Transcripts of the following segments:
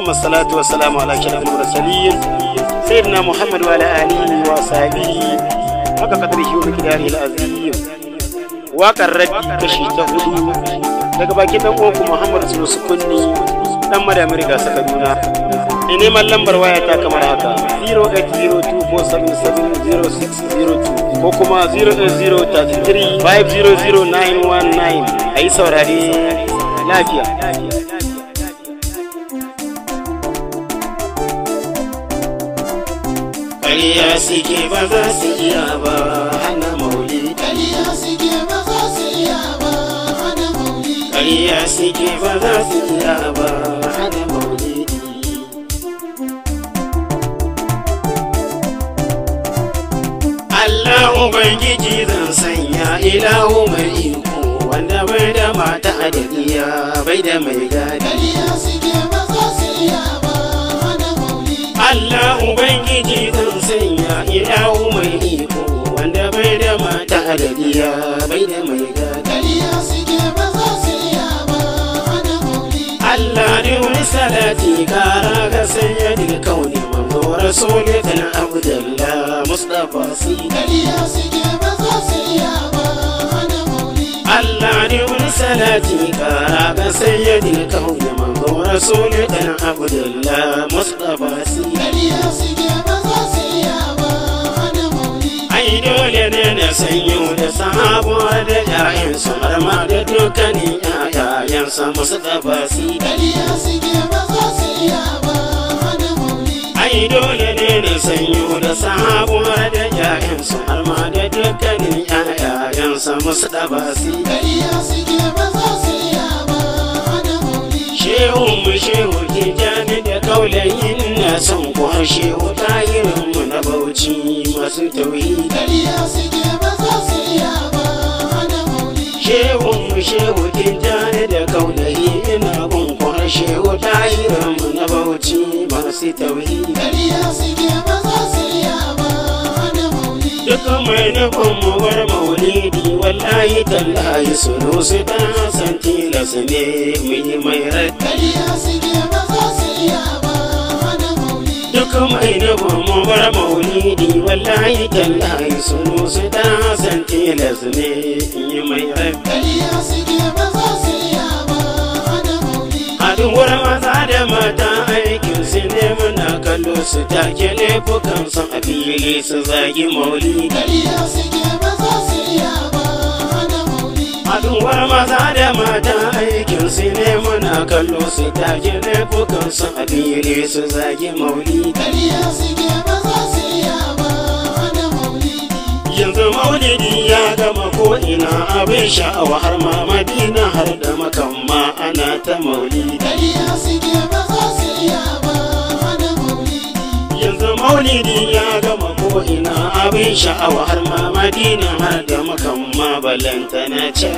ثم الصلاة والسلام على أشرف المرسلين سيدنا محمد وعلى آله وصحبه حق قدره ومقداره العظيم waƙar rabi kashi ta hudu daga baki dan uwanku Muhammad Sulusu Kunni dan madamir saka Kaduna da neman lambar waya ta kamar haka 0802477062 ko kuma 08033500919 a saurare lafiya kariya suke ba za su iya ba hana mauli kariya suke ba za su iya ba hana mauli ƙarya suke ba za su iya ba hana mauli Allah Ubangiji zan sanya ilahu mai iko wanda bai da mata da iya bai da mai gadi. kariya suke Allah Ubangiji zan sanya ilahu mai iko wanda bai da mata adadiya bai da mai gadariya suke ba za su iya Allah ne wani salati kara ga sanya daga kauni mamdo rasulatan abdullah mustapha si dariya suke ba za su iya ba عليهم صلاتي كاراك سيد الكون منظور رسولك عبد الله مصطفى Ai dole ne na sanyo da sahabo da yayin su marma da dukkanin yan sa musu gabasi. Dariya ba hana mauli. Ai dole ne na sanyo da sahabo da yayin su marma da dukkanin samu musu da ba su shehu mu shehu ke jani da kaulayin na son ku shehu tahirin mu na bauchi masu tauhidi shehu mu shehu ke jani da kaulayin na gun ku shehu mu na bauchi masu tauhidi da ba za su duk mai na mu bar maulidi wallahi tallahi sunu su dan san tilas ne mu yi mai rai ba za su iya ba maulidi mai nufin mu bar maulidi wallahi tallahi sunu su dan san tilas ne mu yi mai su take laifukan su a fili su zagi su haduwar maza da mata aikin su ne muna kallo su take laifukan a fili su zagi mauli yanzu maulidi ya gama ko ina abin sha'awa har ma madina har da makamma ana ta mauli kariya suke maulidi ya gama ko'ina abin sha'awa har ma madina har da makan ma balanta na ce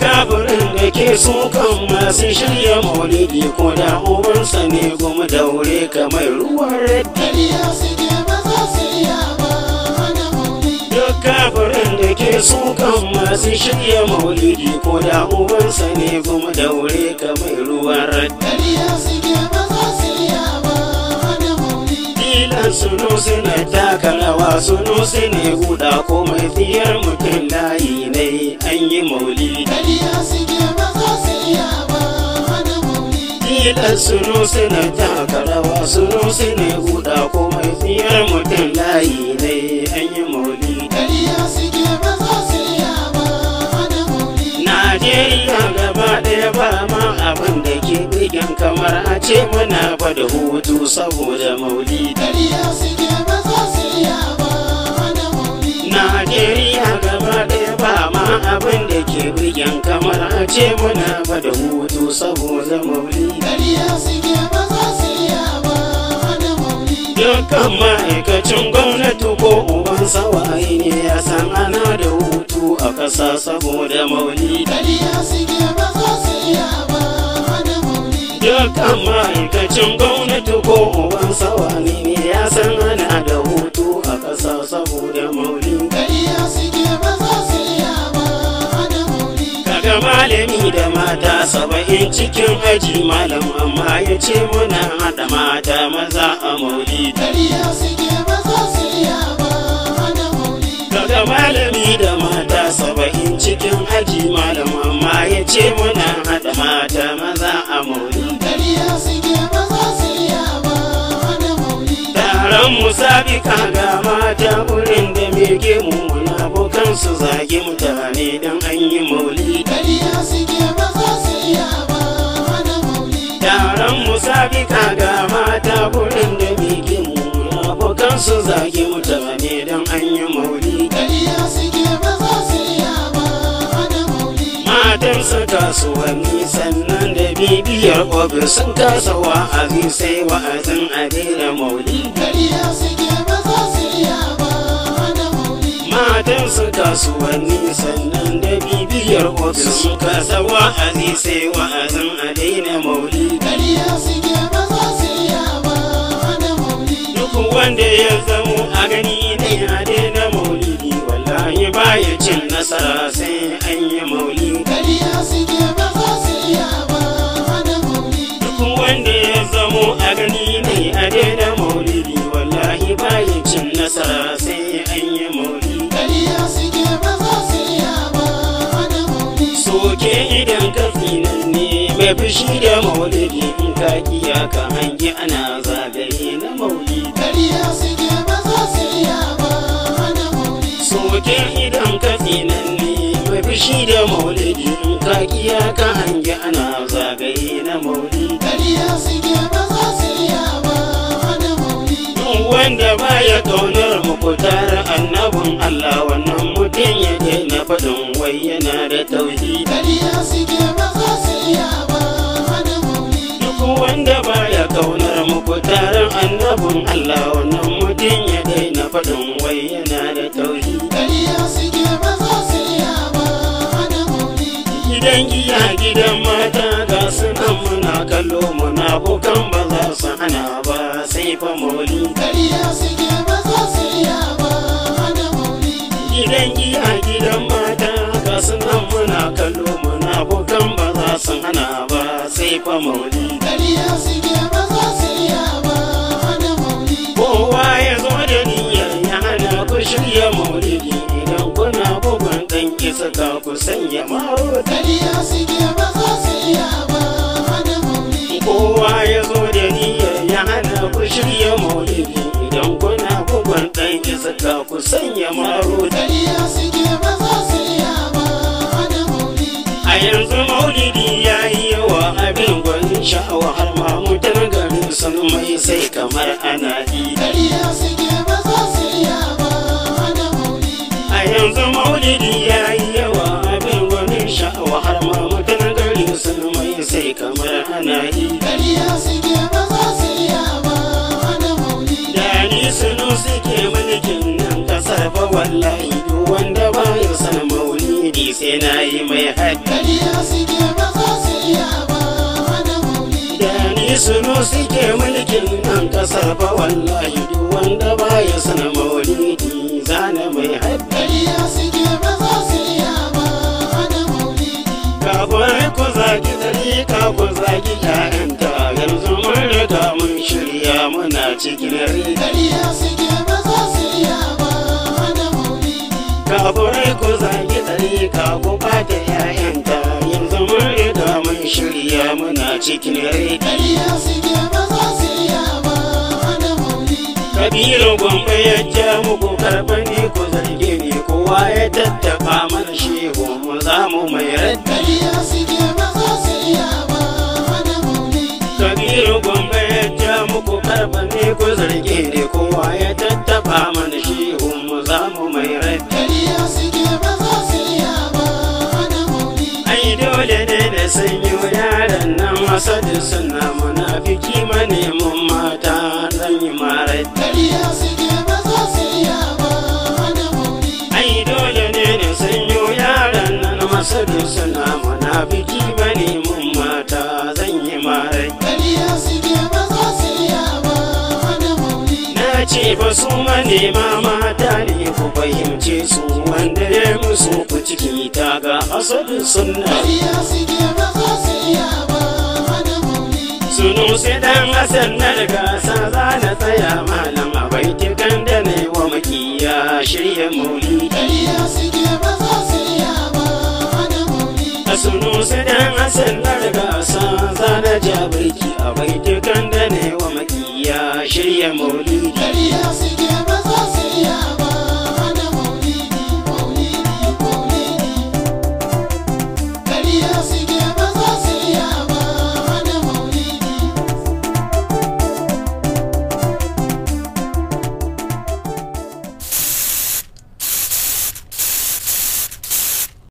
kafirin da ke sukan masu shirya maulidi ko da ubansa ne goma daure kamar ruwan raddi kafirin da ke sukan masu shirya maulidi ko da ubansa ne goma daure kamar ruwan raddi har sunusi na taka rawa sunusi ne guda komai fiyar mutum layi ne an yi mauli Ilan sunusi na taka rawa sunusi ne guda ko fiyar mutum layi ne an yi Najeriya gaba ɗaya ba ma abin da ke bigin kamar a ce muna ba da hutu saboda mauli. Najeriya gaba ɗaya ba ma abin da ke bigin kamar a ce muna ba da hutu saboda maulidi. Dukkan ma'aikacin gwamnati ko uban sawaye ne ya san ana da hutu. ƙasa saboda mauli su iya mauli dukkan ma'aikacin gwamnati ko uban sawa ne ya san ana da hutu a ƙasa saboda mauli su iya mauli kaga malami da mata saba'in cikin aji malam amma ya ce muna haɗa mata maza a mauli dariya suke ba za su cikin aji malam amma ya ce muna hada. mata maza a mauli. Dariya suke bi kaga su hana mauli. ga mata wurin da meke mu abokan su zage mutane don an yi mauli. Dariya suke bi kaga hana mauli. ga mata wurin da meke mu abokan su zage mutane don an yi mauli. masu kasuwanni sannan da bibiyar ofis sun kasa wa'azi sai wa'azin adina mauli kariya suke ba za su iya ba mauli matan su kasuwanni sannan da bibiyar ofis sun kasa wa'azi sai wa'azin adina mauli kariya suke ba za su iya ba mauli duk wanda ya zamo a gani ne adina maulidi wallahi ya cin nasara sai da fushi da maulidi in ka kiya ka hangi ana zagaye na maulidi kariya suke ba za su iya ba hana maulidi soke idan ka nan ne mai fushi da maulidi in ka kiya ka hangi ana zagaye na maulidi kariya suke ba za su iya ba hana maulidi wanda baya kaunar mukutar annabin Allah wannan mutum ya na faɗin wai yana da tauhidi kariya suke abokan ba za su hana ba sai fa mauli kariya suke ba za su iya ba hana mauli. gidan yi a gidan mata ga sunan muna kallo muna abokan ba za su hana ba sai fa mauli kariya suke ba za su iya ba hana mauli. kowa ya zo da niyyar ya hana ku shirya maulidi idan kuna bugun dan kisa ka ku sanya maro kariya suke sha'awa har mamutar garin sun mai sai kamar ana yi a yanzu maulidi ya yi yawa abin gwanin sha'awa har mamutar garin sun mai sai kamar ana yi sunu suke mulkin nan kasar fa wallahi duk wanda ba ya san maulidi sai na yi mai haɗi. Kariya suke ba za su iya ba. sunu suke mulkin nan kasar ba wallahi duk wanda ya sana maulidi zane mai haddari ya suke ba za su iya ba hada maulidi kafin ku zagi dari ka ku zagi ƴaƴan ta yanzu mun riga mun shirya muna cikin ri dari ya suke ba za su iya ba hada maulidi kafin ku zagi dari ka ku bata yaya shirya muna cikin rai ƙarya suke ba ba kabiru gwamba ya ja muku karɓa ne ku zarge ne kowa ya tattafa mana shehu mu za mu mai rai ƙarya suke ba kabiru gwamba ya ja muku karɓa ne ku zarge ne hasad suna munafiki manemin mata zan yi marai kariya suke ba za su iya ba wani mauli ai dole ne ne sanyo yaran nan masad suna munafiki manemin mata zan yi marai kariya suke ba za su iya ba wani mauli na ce ba su manema mata ne ku fahimce su wanda ya musu ku ciki ta ga asalin sunna kariya suke ba za su iya sunusi dan asal na gasa za na tsaya malam bai tikan da ne wa makiya shirya maulidi sunusi dan asal na gasa za na ja birki a bai da ne wa makiya shirya maulidi